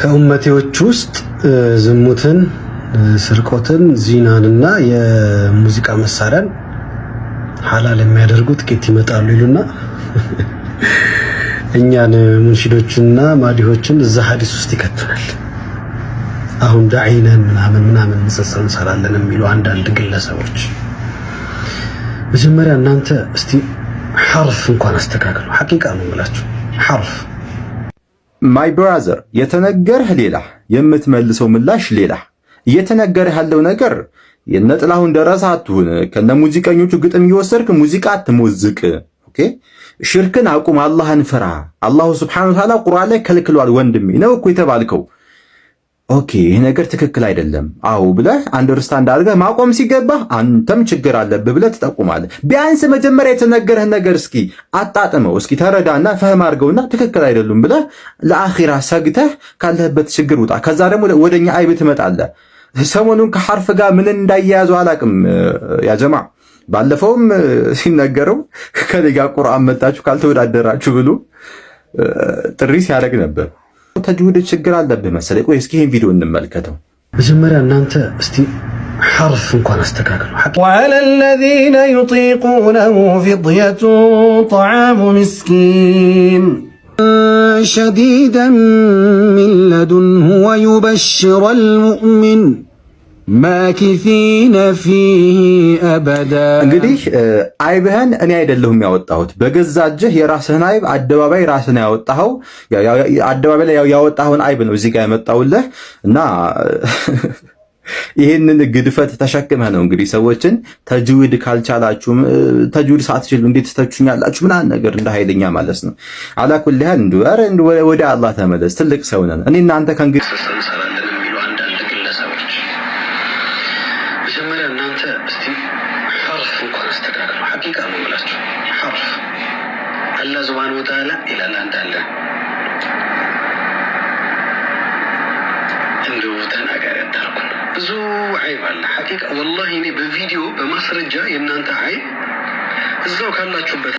ከኡመቴዎች ውስጥ ዝሙትን፣ ስርቆትን፣ ዚናንና የሙዚቃ መሳሪያን ሀላል የሚያደርጉ ጥቂት ይመጣሉ ይሉና እኛን ሙንሺዶችንና ማዲሆችን እዛ ሀዲስ ውስጥ ይከቱናል። አሁን ዳዒነን ምናምን ምናምን ንጽጽር እንሰራለን የሚሉ አንዳንድ ግለሰቦች መጀመሪያ እናንተ እስቲ ሐርፍ እንኳን አስተካክሉ። ሐቂቃ ነው የምላችሁ ሐርፍ ማይ ብራዘር የተነገርህ ሌላ የምትመልሰው ምላሽ ሌላ። እየተነገርህ ያለው ነገር የነ ጥላሁን ደረሰ አትሁን፣ ከነ ሙዚቀኞቹ ግጥም እየወሰድክ ሙዚቃ አትሞዝቅ። ኦኬ ሽርክን አቁም፣ አላህን ፍራ። አላሁ ስብሐነሁ ወተዓላ ቁርአን ላይ ከልክሏል። ወንድሜ ነው እኮ የተባልከው ኦኬ ይህ ነገር ትክክል አይደለም፣ አዎ ብለህ አንደርስታንድ አድርገህ ማቆም ሲገባህ አንተም ችግር አለብህ ብለህ ትጠቁማለህ። ቢያንስ መጀመሪያ የተነገረህን ነገር እስኪ አጣጥመው፣ እስኪ ተረዳና ፈህም አድርገውና ትክክል አይደሉም ብለህ ለአኺራ ሰግተህ ካለህበት ችግር ውጣ። ከዛ ደግሞ ወደኛ አይብ ትመጣለህ። ሰሞኑን ከሐርፍ ጋር ምን እንዳያያዙ አላቅም ያጀማ ባለፈውም ሲነገረው ከሌጋ ቁርአን መጣችሁ ካልተወዳደራችሁ ብሎ ጥሪ ሲያደርግ ነበር። ተጅዊድ ችግር አለብህ መሰለኝ። ቆይ እስኪ ይሄን ቪዲዮ እንመልከተው። መጀመሪያ እናንተ እስቲ ሐርፍ እንኳን አስተካክሉ። ወዐለ ለዚነ ዩጢቁነሁ ፊድየቱ ጠዓሙ ምስኪን ሸዲደን ሚን ለዱንሁ ወዩበሽረ አልሙእሚን ማኪሲነ ፊህ አበዳ። እንግዲህ አይብህን እኔ አይደለሁም ያወጣሁት፣ በገዛ እጅህ የራስህን አይብ አደባባይ ራስህን ያወጣኸው አደባባይ ላይ ያወጣኸውን አይብ ነው እዚህ ጋር ያመጣውልህ እና ይህንን ግድፈት ተሸክመህ ነው እንግዲህ ሰዎችን ተጅዊድ ካልቻላችሁም ተጅዊድ ሳትችሉ እንዴት ተቹኛላችሁ ምናምን ነገር እንደ ኃይለኛ ማለት ነው። አላኩልህን እንዱ ኧረ ወደ አላህ ተመለስ፣ ትልቅ ሰው ነን እኔ እናንተ ከእንግዲህ ብዙ አይብ አለ። ሐቂቃ ወላሂ እኔ በቪዲዮ በማስረጃ የእናንተ አይብ እዛው ካላችሁበት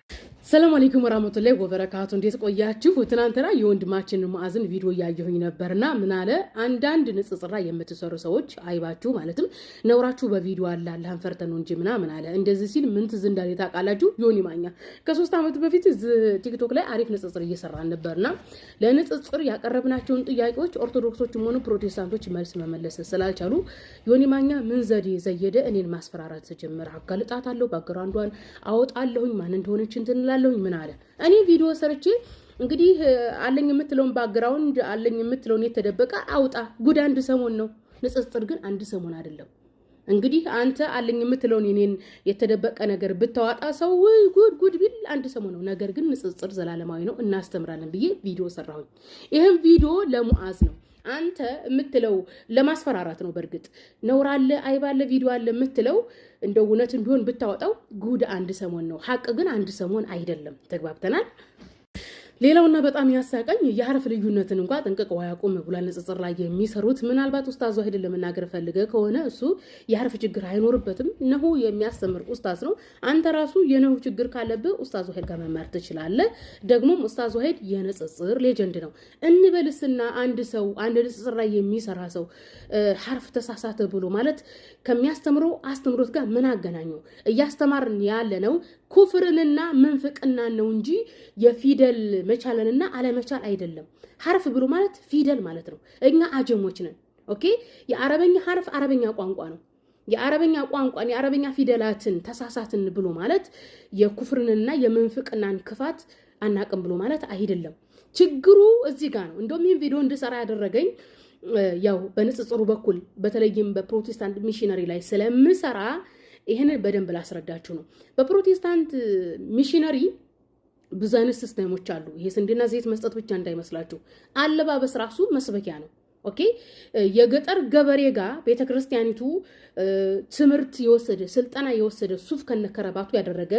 ሰላም አለይኩም ወራህመቱላሂ ወበረካቱ። እንዴት ቆያችሁ? ትናንትና የወንድማችን ማዕዝን ቪዲዮ እያየሁኝ ነበርና ምን አለ፣ አንዳንድ ንጽጽራ የምትሰሩ ሰዎች አይባችሁ ማለትም ነውራችሁ በቪዲዮ አለ አላህን ፈርተን ነው እንጂ ምናምን አለ። እንደዚህ ሲል ምን ትዝ እንዳለ ታውቃላችሁ? ዮኒ ማኛ ከሶስት ዓመት በፊት ቲክቶክ ላይ አሪፍ ንጽጽር እየሰራን ነበርና ለንጽጽር ያቀረብናቸውን ጥያቄዎች ኦርቶዶክሶችም ሆኑ ፕሮቴስታንቶች መልስ መመለስ ስላልቻሉ ዮኒ ማኛ ምን ዘዴ ዘየደ እኔን ማስፈራራት ጀመረ። አጋልጣታለሁ፣ ባግራንዷን አወጣለሁኝ፣ ማን እንደሆነች አውቃለሁኝ ምን አለ። እኔ ቪዲዮ ሰርቼ እንግዲህ አለኝ የምትለውን ባክግራውንድ አለኝ የምትለውን የተደበቀ አውጣ። ጉድ አንድ ሰሞን ነው፣ ንጽጽር ግን አንድ ሰሞን አይደለም። እንግዲህ አንተ አለኝ የምትለውን የኔን የተደበቀ ነገር ብታዋጣ ሰው ውይ ጉድ ጉድ ቢል አንድ ሰሞን ነው። ነገር ግን ንጽጽር ዘላለማዊ ነው፣ እናስተምራለን ብዬ ቪዲዮ ሰራሁኝ። ይህም ቪዲዮ ለሙዓዝ ነው። አንተ የምትለው ለማስፈራራት ነው። በእርግጥ ነውር አለ፣ አይብ አለ፣ ቪዲዮ አለ የምትለው እንደ እውነትን ቢሆን ብታወጣው ጉድ አንድ ሰሞን ነው። ሀቅ ግን አንድ ሰሞን አይደለም። ተግባብተናል። ሌላውና በጣም ያሳቀኝ የሀረፍ ልዩነትን እንኳ ጠንቅቀው አያውቁም ብላ ንጽጽር ላይ የሚሰሩት ምናልባት ኡስታዝ ዋሂድን ለመናገር ፈልገ ከሆነ እሱ የሀረፍ ችግር አይኖርበትም። ነሁ የሚያስተምር ኡስታዝ ነው። አንተ ራሱ የነሁ ችግር ካለብህ ኡስታዝ ዋሂድ ጋር መማር ትችላለህ። ደግሞም ኡስታዝ ዋሂድ የንጽጽር ሌጀንድ ነው እንበልስና አንድ ሰው አንድ ንጽጽር ላይ የሚሰራ ሰው ሀረፍ ተሳሳተ ብሎ ማለት ከሚያስተምረው አስተምሮት ጋር ምን አገናኘው? እያስተማርን ያለ ነው ኩፍርንና ምንፍቅናን ነው እንጂ የፊደል መቻለንና አለመቻል አይደለም። ሀርፍ ብሎ ማለት ፊደል ማለት ነው። እኛ አጀሞች ነን። ኦኬ የአረበኛ ሀርፍ አረበኛ ቋንቋ ነው። የአረበኛ ቋንቋን የአረበኛ ፊደላትን ተሳሳትን ብሎ ማለት የኩፍርንና የምንፍቅናን ክፋት አናቅም ብሎ ማለት አይደለም። ችግሩ እዚህ ጋር ነው። እንደውም ይህን ቪዲዮ እንድሰራ ያደረገኝ ያው በንጽጽሩ በኩል በተለይም በፕሮቴስታንት ሚሽነሪ ላይ ስለምሰራ ይህንን በደንብ ላስረዳችሁ ነው። በፕሮቴስታንት ሚሽነሪ ብዙ አይነት ሲስተሞች አሉ። ይሄ ስንዴና ዘይት መስጠት ብቻ እንዳይመስላችሁ። አለባበስ ራሱ መስበኪያ ነው። ኦኬ የገጠር ገበሬ ጋር ቤተክርስቲያኒቱ ትምህርት የወሰደ ስልጠና የወሰደ ሱፍ ከነከረባቱ ያደረገ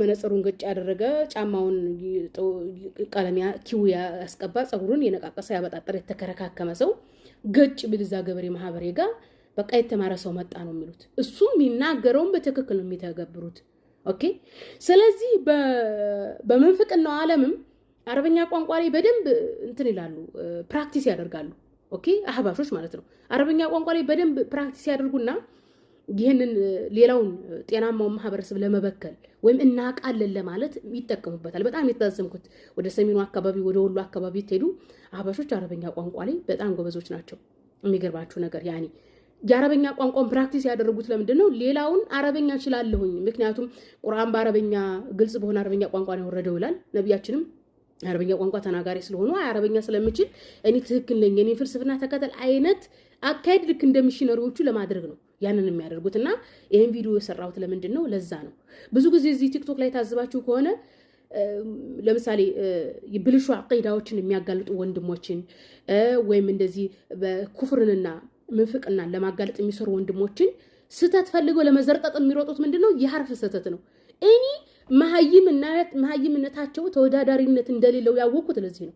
መነጽሩን ገጭ ያደረገ ጫማውን ቀለሚያ ኪው ያስቀባ ፀጉሩን የነቃቀሰ ያበጣጠር የተከረካከመ ሰው ገጭ ብልዛ ገበሬ ማህበሬ ጋር በቃ የተማረ ሰው መጣ ነው የሚሉት። እሱም የሚናገረውን በትክክል ነው የሚተገብሩት። ኦኬ። ስለዚህ በምንፍቅናው ዓለምም አረበኛ ቋንቋ ላይ በደንብ እንትን ይላሉ፣ ፕራክቲስ ያደርጋሉ። ኦኬ፣ አህባሾች ማለት ነው። አረበኛ ቋንቋ ላይ በደንብ ፕራክቲስ ያደርጉና ይህንን ሌላውን ጤናማውን ማህበረሰብ ለመበከል ወይም እናቃለን ለማለት ይጠቀሙበታል። በጣም የተዛዘምኩት ወደ ሰሜኑ አካባቢ ወደ ወሎ አካባቢ ትሄዱ አህባሾች አረበኛ ቋንቋ ላይ በጣም ጎበዞች ናቸው። የሚገርባችሁ ነገር ያኔ የአረበኛ ቋንቋን ፕራክቲስ ያደረጉት ለምንድን ነው? ሌላውን አረበኛ እችላለሁኝ፣ ምክንያቱም ቁርአን በአረበኛ ግልጽ በሆነ አረበኛ ቋንቋ ነው የወረደው ይላል ነቢያችንም አረበኛ ቋንቋ ተናጋሪ ስለሆኑ አረበኛ ስለምችል እኔ ትክክል ነኝ፣ እኔ ፍልስፍና ተከተል አይነት አካሄድ ልክ እንደ ሚሽነሪዎቹ ለማድረግ ነው ያንን የሚያደርጉት። እና ይህን ቪዲዮ የሰራሁት ለምንድን ነው? ለዛ ነው። ብዙ ጊዜ እዚህ ቲክቶክ ላይ ታዝባችሁ ከሆነ ለምሳሌ ብልሹ አቂዳዎችን የሚያጋልጡ ወንድሞችን ወይም እንደዚህ በኩፍርንና ምንፍቅናን ለማጋለጥ የሚሰሩ ወንድሞችን ስህተት ፈልገው ለመዘርጠጥ የሚሮጡት ምንድን ነው? የሀርፍ ስህተት ነው። እኔ መሀይምነታቸው ተወዳዳሪነት እንደሌለው ያወቁት ለዚህ ነው።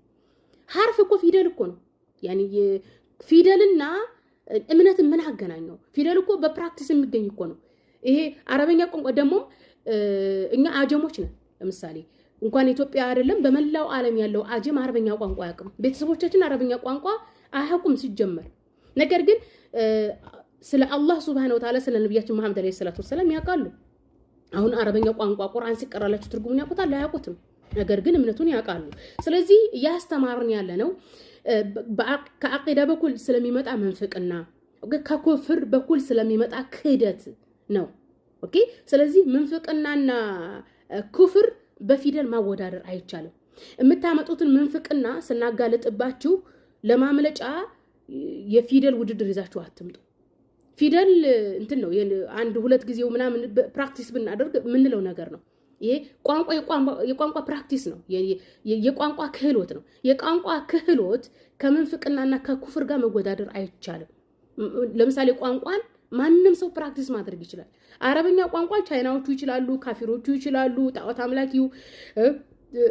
ሀርፍ እኮ ፊደል እኮ ነው። ያኔ ፊደልና እምነት ምን አገናኘው? ፊደል እኮ በፕራክቲስ የሚገኝ እኮ ነው። ይሄ አረበኛ ቋንቋ ደግሞ እኛ አጀሞች ነን። ለምሳሌ እንኳን ኢትዮጵያ አይደለም በመላው ዓለም ያለው አጀም አረበኛ ቋንቋ አያውቅም። ቤተሰቦቻችን አረበኛ ቋንቋ አያውቁም ሲጀመር ነገር ግን ስለ አላህ ስብሃነ ወተዓላ ስለ ነቢያችን መሐመድ ዓለይሂ ሰላቱ ወሰላም ያውቃሉ። አሁን አረበኛ ቋንቋ ቁርአን ሲቀራላችሁ ትርጉሙን ያውቁታል? አያውቁትም። ነገር ግን እምነቱን ያውቃሉ። ስለዚህ እያስተማርን ያለ ነው ከአቂዳ በኩል ስለሚመጣ መንፍቅና ከኩፍር በኩል ስለሚመጣ ክህደት ነው። ኦኬ። ስለዚህ መንፍቅናና ኩፍር በፊደል ማወዳደር አይቻልም። የምታመጡትን መንፍቅና ስናጋለጥባችሁ ለማምለጫ የፊደል ውድድር ይዛችሁ አትምጡ። ፊደል እንትን ነው አንድ ሁለት ጊዜው ምናምን ፕራክቲስ ብናደርግ የምንለው ነገር ነው። ይሄ ቋንቋ የቋንቋ ፕራክቲስ ነው፣ የቋንቋ ክህሎት ነው። የቋንቋ ክህሎት ከምንፍቅናና ከኩፍር ጋር መወዳደር አይቻልም። ለምሳሌ ቋንቋን ማንም ሰው ፕራክቲስ ማድረግ ይችላል። አረበኛ ቋንቋ ቻይናዎቹ ይችላሉ፣ ካፊሮቹ ይችላሉ፣ ጣዖት አምላኪው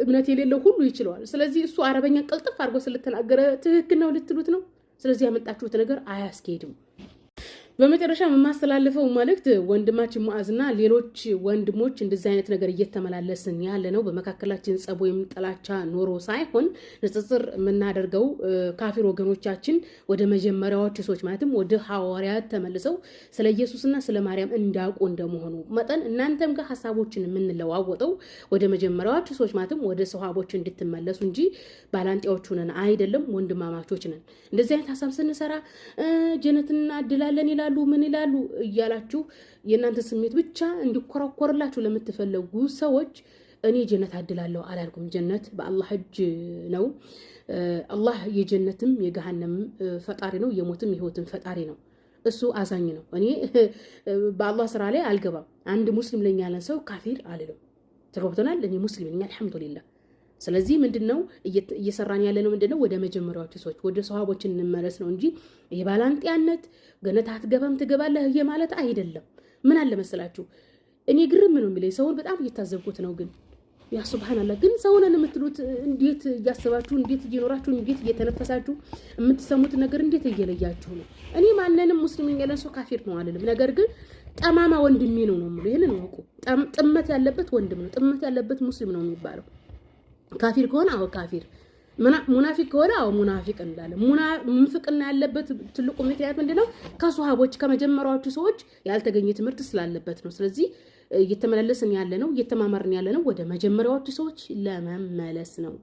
እምነት የሌለው ሁሉ ይችለዋል። ስለዚህ እሱ አረበኛ ቅልጥፍ አድርጎ ስለተናገረ ትክክል ነው ልትሉት ነው? ስለዚህ ያመጣችሁት ነገር አያስኬድም። በመጨረሻ የማስተላልፈው መልእክት ወንድማችን ሙዓዝና ሌሎች ወንድሞች እንደዚህ አይነት ነገር እየተመላለስን ያለ ነው። በመካከላችን ጸቦ ወይም ጥላቻ ኖሮ ሳይሆን ንጽጽር የምናደርገው ካፊር ወገኖቻችን ወደ መጀመሪያዎች ሰዎች ማለትም ወደ ሐዋርያት ተመልሰው ስለ ኢየሱስና ስለ ማርያም እንዳውቁ እንደመሆኑ መጠን እናንተም ጋር ሀሳቦችን የምንለዋወጠው ወደ መጀመሪያዎች ሰዎች ማለትም ወደ ሰሃቦች እንድትመለሱ እንጂ ባላንጤዎች ሆነን አይደለም፣ ወንድማማቾች ነን። እንደዚህ አይነት ሀሳብ ስንሰራ ጀነትን እናድላለን ይላል ይላሉ ምን ይላሉ እያላችሁ የእናንተ ስሜት ብቻ እንዲኮረኮርላችሁ ለምትፈለጉ ሰዎች እኔ ጀነት አድላለሁ አላልኩም። ጀነት በአላህ እጅ ነው። አላህ የጀነትም የገሃነምም ፈጣሪ ነው። የሞትም የህይወትም ፈጣሪ ነው። እሱ አዛኝ ነው። እኔ በአላህ ስራ ላይ አልገባም። አንድ ሙስሊም ለኛ ያለን ሰው ካፊር አልለው። ተገብቶናል። እኔ ሙስሊም ነኝ አልሐምዱሊላህ ስለዚህ ምንድን ነው እየሰራን ያለ ነው? ምንድን ነው ወደ መጀመሪያዎቹ ሰዎች ወደ ሰሃቦችን እንመለስ ነው እንጂ የባላንጤያነት ገነት አትገባም ትገባለህ ማለት አይደለም። ምን አለ መሰላችሁ፣ እኔ ግርም ነው የሚለኝ ሰውን በጣም እየታዘብኩት ነው። ግን ያ ሱብሃንአላህ፣ ግን ሰውነን የምትሉት እንዴት እያስባችሁ እንዴት እየኖራችሁ እንዴት እየተነፈሳችሁ የምትሰሙት ነገር እንዴት እየለያችሁ ነው? እኔ ማንንም ሙስሊም ያለን ሰው ካፊር ነው አልልም። ነገር ግን ጠማማ ወንድሜ ነው ነው የምለው። ይህንን እወቁ። ጥመት ያለበት ወንድም ነው ጥመት ያለበት ሙስሊም ነው የሚባለው ካፊር ከሆነ አዎ ካፊር፣ ሙናፊቅ ከሆነ አዎ ሙናፊቅ እንላለን። ሙንፍቅና ያለበት ትልቁ ምክንያት ምንድን ነው? ከመጀመሪያዎቹ ሰዎች ያልተገኘ ትምህርት ስላለበት ነው። ስለዚህ እየተመላለስን ያለ ነው፣ እየተማመርን ያለ ነው፣ ወደ መጀመሪያዎቹ ሰዎች ለመመለስ ነው።